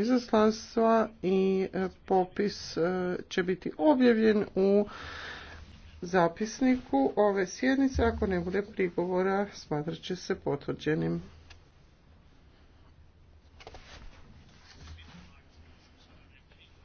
izaslanstva i e, popis e, će biti objavljen u zapisniku ove sjednice. Ako ne bude prigovora, smatrat će se potvrđenim.